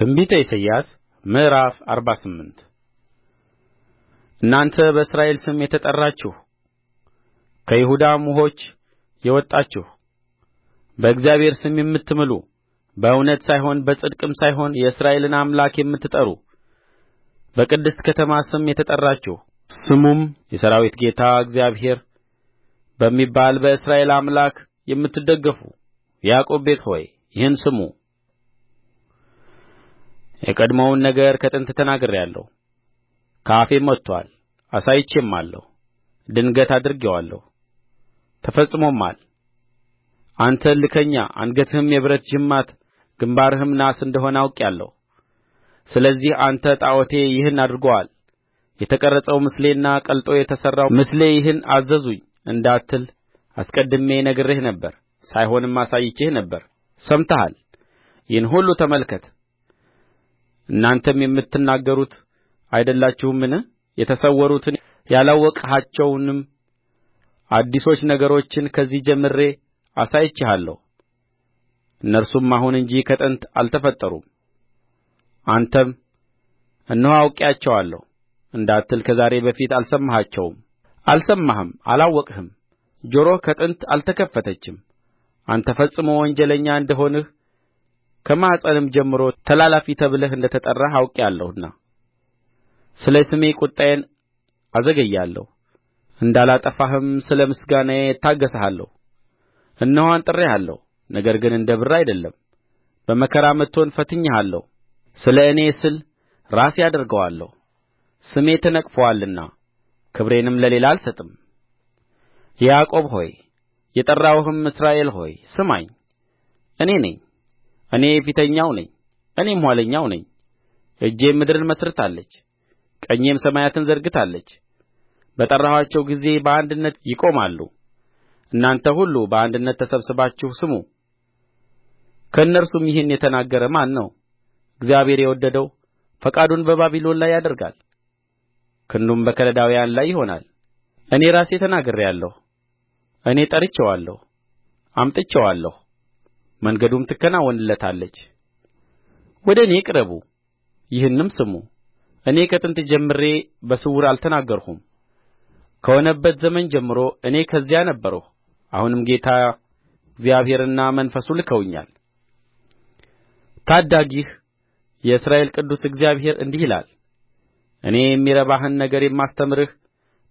ትንቢተ ኢሳይያስ ምዕራፍ አርባ ስምንት እናንተ በእስራኤል ስም የተጠራችሁ ከይሁዳም ውኆች የወጣችሁ በእግዚአብሔር ስም የምትምሉ በእውነት ሳይሆን በጽድቅም ሳይሆን የእስራኤልን አምላክ የምትጠሩ በቅድስት ከተማ ስም የተጠራችሁ ስሙም የሠራዊት ጌታ እግዚአብሔር በሚባል በእስራኤል አምላክ የምትደገፉ የያዕቆብ ቤት ሆይ ይህን ስሙ የቀድሞውን ነገር ከጥንት ተናግሬአለሁ ከአፌም ወጥቶአል አሳይቼማለሁ ድንገት አድርጌዋለሁ ተፈጽሞማል አንተ እልከኛ አንገትህም የብረት ጅማት ግምባርህም ናስ እንደ ሆነ አውቄአለሁ ስለዚህ አንተ ጣዖቴ ይህን አድርጎአል የተቀረጸው ምስሌና ቀልጦ የተሠራው ምስሌ ይህን አዘዙኝ እንዳትል አስቀድሜ ነግሬህ ነበር ሳይሆንም አሳይቼህ ነበር ሰምተሃል ይህን ሁሉ ተመልከት እናንተም የምትናገሩት አይደላችሁምን የተሰወሩትን ያላወቅሃቸውንም አዲሶች ነገሮችን ከዚህ ጀምሬ አሳይቼሃለሁ እነርሱም አሁን እንጂ ከጥንት አልተፈጠሩም አንተም እነሆ አውቄአቸዋለሁ እንዳትል ከዛሬ በፊት አልሰማሃቸውም አልሰማህም አላወቅህም ጆሮህ ከጥንት አልተከፈተችም አንተ ፈጽሞ ወንጀለኛ እንደ ሆንህ ከማኅፀንም ጀምሮ ተላላፊ ተብለህ እንደ ተጠራህ አውቄአለሁና ስለ ስሜ ቍጣዬን አዘገያለሁ እንዳላጠፋህም ስለ ምስጋናዬ እታገሣለሁ እነሆ አንጥሬሃለሁ ነገር ግን እንደ ብር አይደለም በመከራ መትቶን ፈትኜሃለሁ ስለ እኔ ስል ራሴ አደርገዋለሁ ስሜ ተነቅፎአልና ክብሬንም ለሌላ አልሰጥም ያዕቆብ ሆይ የጠራሁህም እስራኤል ሆይ ስማኝ እኔ ነኝ እኔ ፊተኛው ነኝ እኔም ኋለኛው ነኝ እጄም ምድርን መሥርታለች ቀኜም ሰማያትን ዘርግታለች በጠራኋቸው ጊዜ በአንድነት ይቆማሉ እናንተ ሁሉ በአንድነት ተሰብስባችሁ ስሙ ከእነርሱም ይህን የተናገረ ማን ነው እግዚአብሔር የወደደው ፈቃዱን በባቢሎን ላይ ያደርጋል ክንዱም በከለዳውያን ላይ ይሆናል እኔ ራሴ ተናግሬአለሁ እኔ ጠርቼዋለሁ አምጥቼዋለሁ መንገዱም ትከናወንለታለች ወደ እኔ ቅረቡ ይህንም ስሙ እኔ ከጥንት ጀምሬ በስውር አልተናገርሁም ከሆነበት ዘመን ጀምሮ እኔ ከዚያ ነበርሁ አሁንም ጌታ እግዚአብሔርና መንፈሱ ልከውኛል ታዳጊህ የእስራኤል ቅዱስ እግዚአብሔር እንዲህ ይላል እኔ የሚረባህን ነገር የማስተምርህ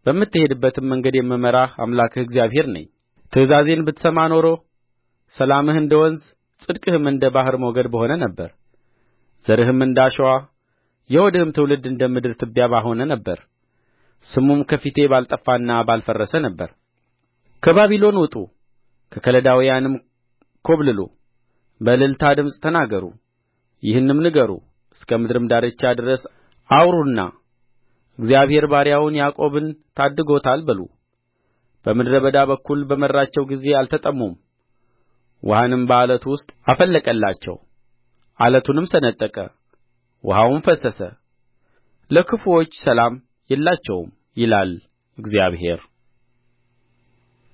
በምትሄድበትም መንገድ የምመራህ አምላክህ እግዚአብሔር ነኝ ትእዛዜን ብትሰማ ኖሮ ሰላምህ እንደ ወንዝ ጽድቅህም እንደ ባሕር ሞገድ በሆነ ነበር ዘርህም እንደ አሸዋ የሆድህም ትውልድ እንደ ምድር ትቢያ በሆነ ነበር ስሙም ከፊቴ ባልጠፋና ባልፈረሰ ነበር ከባቢሎን ውጡ ከከለዳውያንም ኰብልሉ በእልልታ ድምፅ ተናገሩ ይህንም ንገሩ እስከ ምድርም ዳርቻ ድረስ አውሩና እግዚአብሔር ባሪያውን ያዕቆብን ታድጎታል በሉ በምድረ በዳ በኩል በመራቸው ጊዜ አልተጠሙም ውኃንም በዓለቱ ውስጥ አፈለቀላቸው ዓለቱንም ሰነጠቀ ውኃውም ፈሰሰ ለክፉዎች ሰላም የላቸውም ይላል እግዚአብሔር